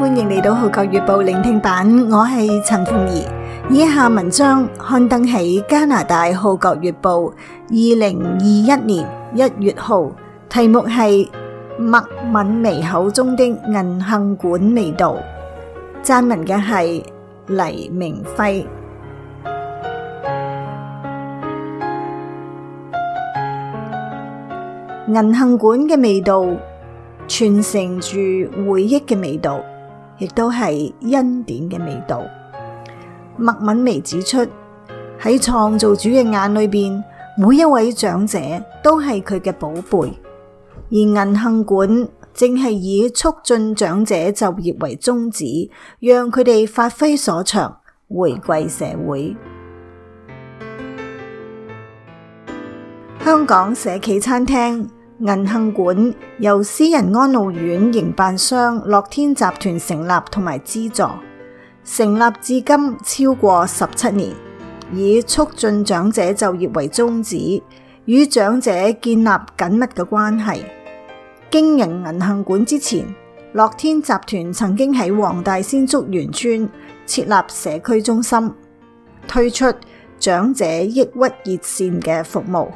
歡迎嚟到《號角月報》聆聽版，我係陳鳳儀。以下文章刊登喺加拿大《號角月報》二零二一年一月號，題目係《麥敏媚口中的銀杏館味道》，撰文嘅係黎明輝。銀杏館嘅味道，傳承住回憶嘅味道。亦都係恩典嘅味道。麥敏媚指出，喺創造主嘅眼裏邊，每一位長者都係佢嘅寶貝，而銀杏館正係以促進長者就業為宗旨，讓佢哋發揮所長，回饋社會。香港社企餐廳。銀杏館由私人安老院營辦商樂天集團成立同埋資助，成立至今超過十七年，以促進長者就業為宗旨，與長者建立緊密嘅關係。經營銀杏館之前，樂天集團曾經喺黃大仙竹園村設立社區中心，推出長者抑鬱熱線嘅服務。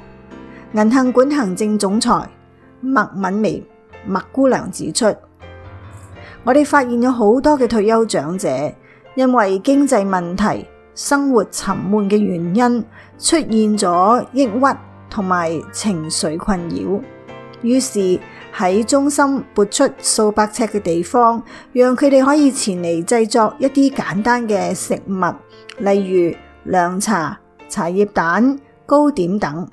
銀杏館行政總裁。麥敏眉麥敏媚麥姑娘指出，我哋發現咗好多嘅退休長者，因為經濟問題、生活沉悶嘅原因，出現咗抑鬱同埋情緒困擾。於是喺中心撥出數百尺嘅地方，讓佢哋可以前嚟製作一啲簡單嘅食物，例如涼茶、茶葉蛋、糕點等。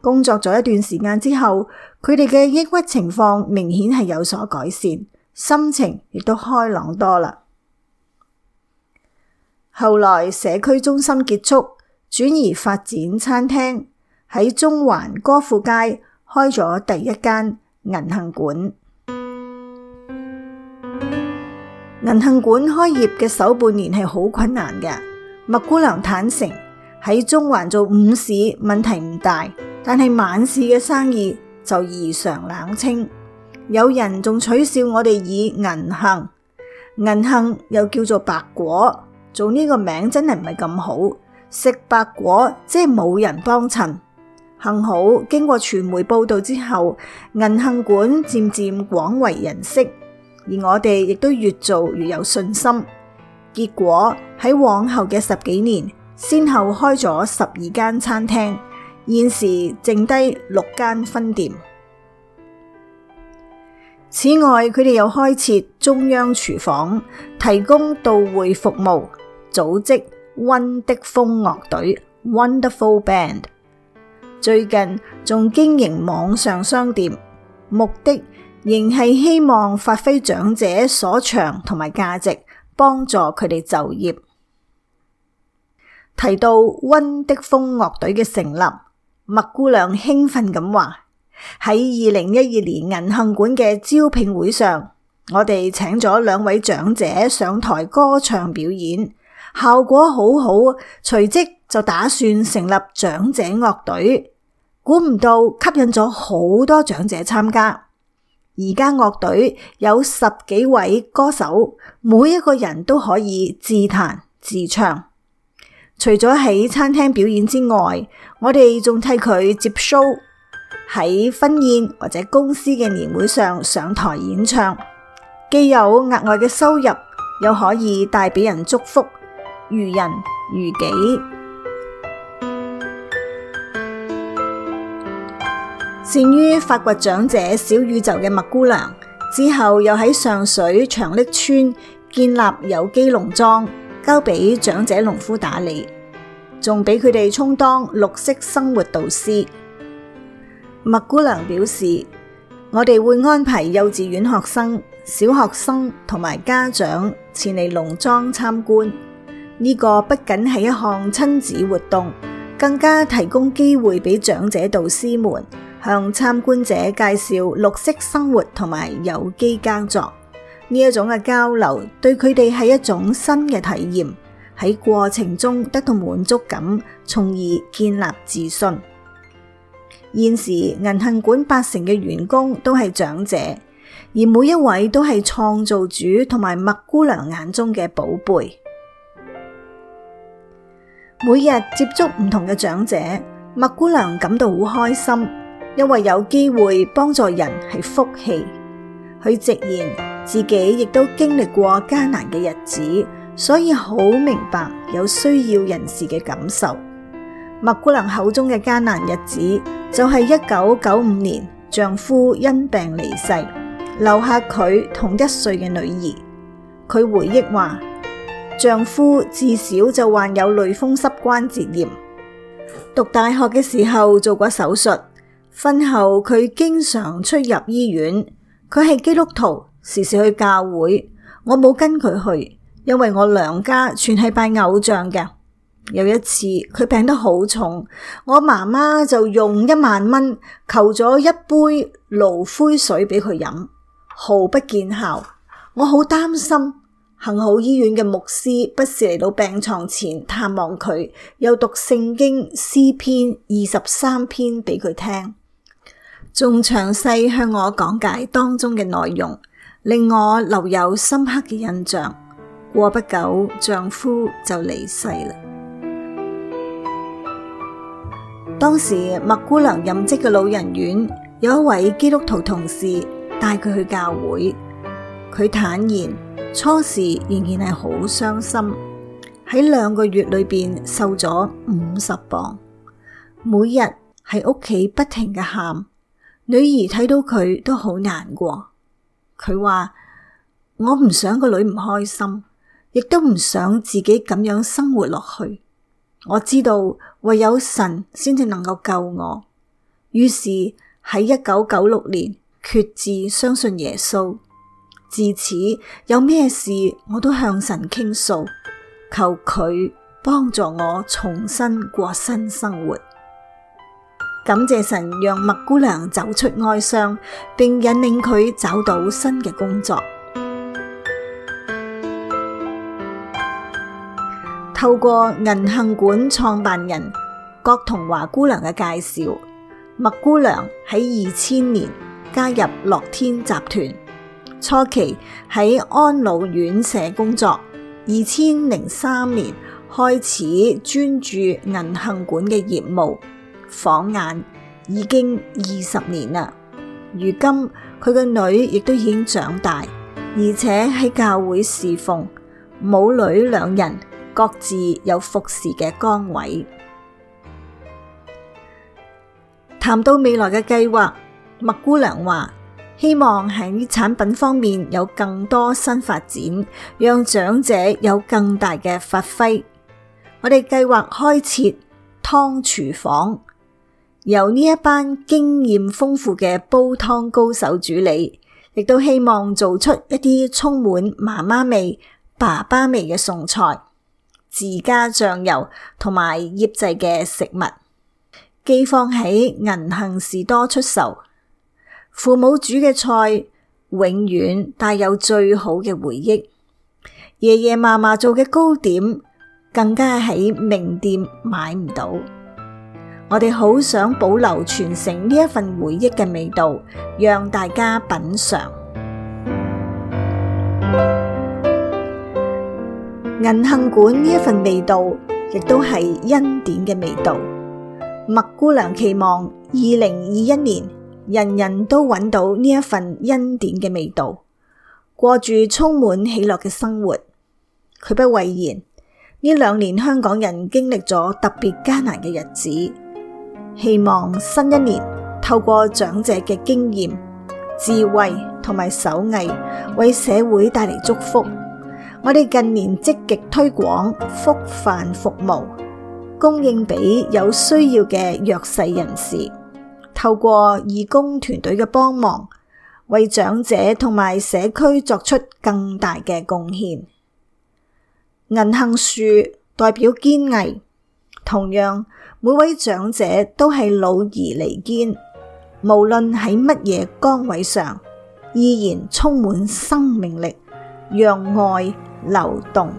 工作咗一段時間之後，佢哋嘅抑鬱情況明顯係有所改善，心情亦都開朗多啦。後來社區中心結束，轉移發展餐廳喺中環歌賦街開咗第一間銀杏館。銀杏館開業嘅首半年係好困難嘅。麥姑娘坦誠喺中環做午市問題唔大。但係晚市嘅生意就異常冷清，有人仲取笑我哋以銀杏，銀杏又叫做白果，做呢個名真係唔係咁好。食白果即係冇人幫襯，幸好經過傳媒報道之後，銀杏館漸漸廣為人識，而我哋亦都越做越有信心。結果喺往後嘅十幾年，先後開咗十二間餐廳。現時剩低六間分店。此外，佢哋又開設中央廚房，提供到會服務，組織溫的風樂隊 （Wonderful Band）。最近仲經營網上商店，目的仍係希望發揮長者所長同埋價值，幫助佢哋就業。提到溫的風樂隊嘅成立。麥姑娘興奮咁話：喺二零一二年銀杏館嘅招聘會上，我哋請咗兩位長者上台歌唱表演，效果好好。隨即就打算成立長者樂隊，估唔到吸引咗好多長者參加。而家樂隊有十幾位歌手，每一個人都可以自彈自唱。除咗喺餐廳表演之外，我哋仲替佢接 show 喺婚宴或者公司嘅年會上上台演唱，既有額外嘅收入，又可以帶俾人祝福，如人如己。 善於發掘長者小宇宙嘅麥姑娘，之後又喺上水長瀝村建立有機農莊。交俾長者農夫打理，仲俾佢哋充當綠色生活導師。麥姑娘表示，我哋會安排幼稚園學生、小學生同埋家長前嚟農莊參觀。呢個不僅係一項親子活動，更加提供機會俾長者導師們向參觀者介紹綠色生活同埋有機耕作。呢一種嘅交流對佢哋係一種新嘅體驗，喺過程中得到滿足感，從而建立自信。現時銀杏館八成嘅員工都係長者，而每一位都係創造主同埋麥姑娘眼中嘅寶貝。每日接觸唔同嘅長者，麥姑娘感到好開心，因為有機會幫助人係福氣。佢直言。自己亦都經歷過艱難嘅日子，所以好明白有需要人士嘅感受。麥姑娘口中嘅艱難日子就係一九九五年，丈夫因病離世，留下佢同一歲嘅女兒。佢回憶話，丈夫自小就患有類風濕關節炎，讀大學嘅時候做過手術。婚後佢經常出入醫院，佢係基督徒。時時去教會，我冇跟佢去，因為我娘家全係拜偶像嘅。有一次佢病得好重，我媽媽就用一萬蚊求咗一杯爐灰水俾佢飲，毫不見效。我好擔心，幸好醫院嘅牧師不時嚟到病床前探望佢，又讀聖經詩篇二十三篇俾佢聽，仲詳細向我講解當中嘅內容，令我留有深刻嘅印象。過不久，丈夫就離世啦。當時麥姑娘任職嘅老人院有一位基督徒同事帶佢去教會。佢坦言，初時仍然係好傷心，喺兩個月裏邊瘦咗五十磅，每日喺屋企不停嘅喊，女兒睇到佢都好難過。佢話：我唔想個女唔開心，亦都唔想自己咁樣生活落去。我知道唯有神先至能夠救我，於是喺一九九六年決志相信耶穌，自此有咩事我都向神傾訴，求佢幫助我重新過新生活。感謝神讓麥姑娘走出哀傷，並引領佢找到新嘅工作。透過銀杏館創辦人郭同華姑娘嘅介紹，麥姑娘喺二千年加入樂天集團，初期喺安老院社工作，二千零三年開始專注銀杏館嘅業務。晃眼已經二十年啦，如今佢嘅女亦都已經長大，而且喺教會侍奉，母女兩人各自有服侍嘅崗位。談到未來嘅計劃，麥姑娘話：希望喺產品方面有更多新發展，讓長者有更大嘅發揮。我哋計劃開設湯廚房。由呢一班經驗豐富嘅煲湯高手主理，亦都希望做出一啲充滿媽媽味、爸爸味嘅餸菜，自家醬油同埋醃製嘅食物，寄放喺銀杏士多出售。父母煮嘅菜，永遠帶有最好嘅回憶。爺爺嫲嫲做嘅糕點，更加喺名店買唔到。我哋好想保留傳承呢一份回憶嘅味道，讓大家品嘗銀杏館呢一份味道，亦都係恩典嘅味道。麥姑娘期望二零二一年人人都揾到呢一份恩典嘅味道，過住充滿喜樂嘅生活。佢不諱言呢兩年香港人經歷咗特別艱難嘅日子。希望新一年透過長者嘅經驗、智慧同埋手藝，為社會帶嚟祝福。我哋近年積極推廣福飯服務，供應俾有需要嘅弱勢人士。透過義工團隊嘅幫忙，為長者同埋社區作出更大嘅貢獻。銀杏樹代表堅毅，同樣。每位長者都係老而彌堅，無論喺乜嘢崗位上，依然充滿生命力，讓愛流動。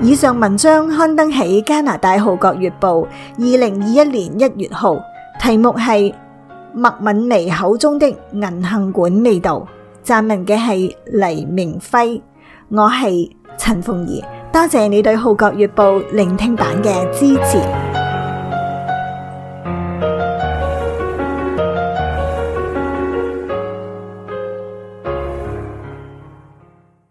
以上文章刊登喺加拿大《號角月報》二零二一年一月號，題目係。麥敏媚口中的銀杏館味道，撰文嘅係黎明輝，我係陳鳳儀，多謝你對《號角月報聆聽版》嘅支持。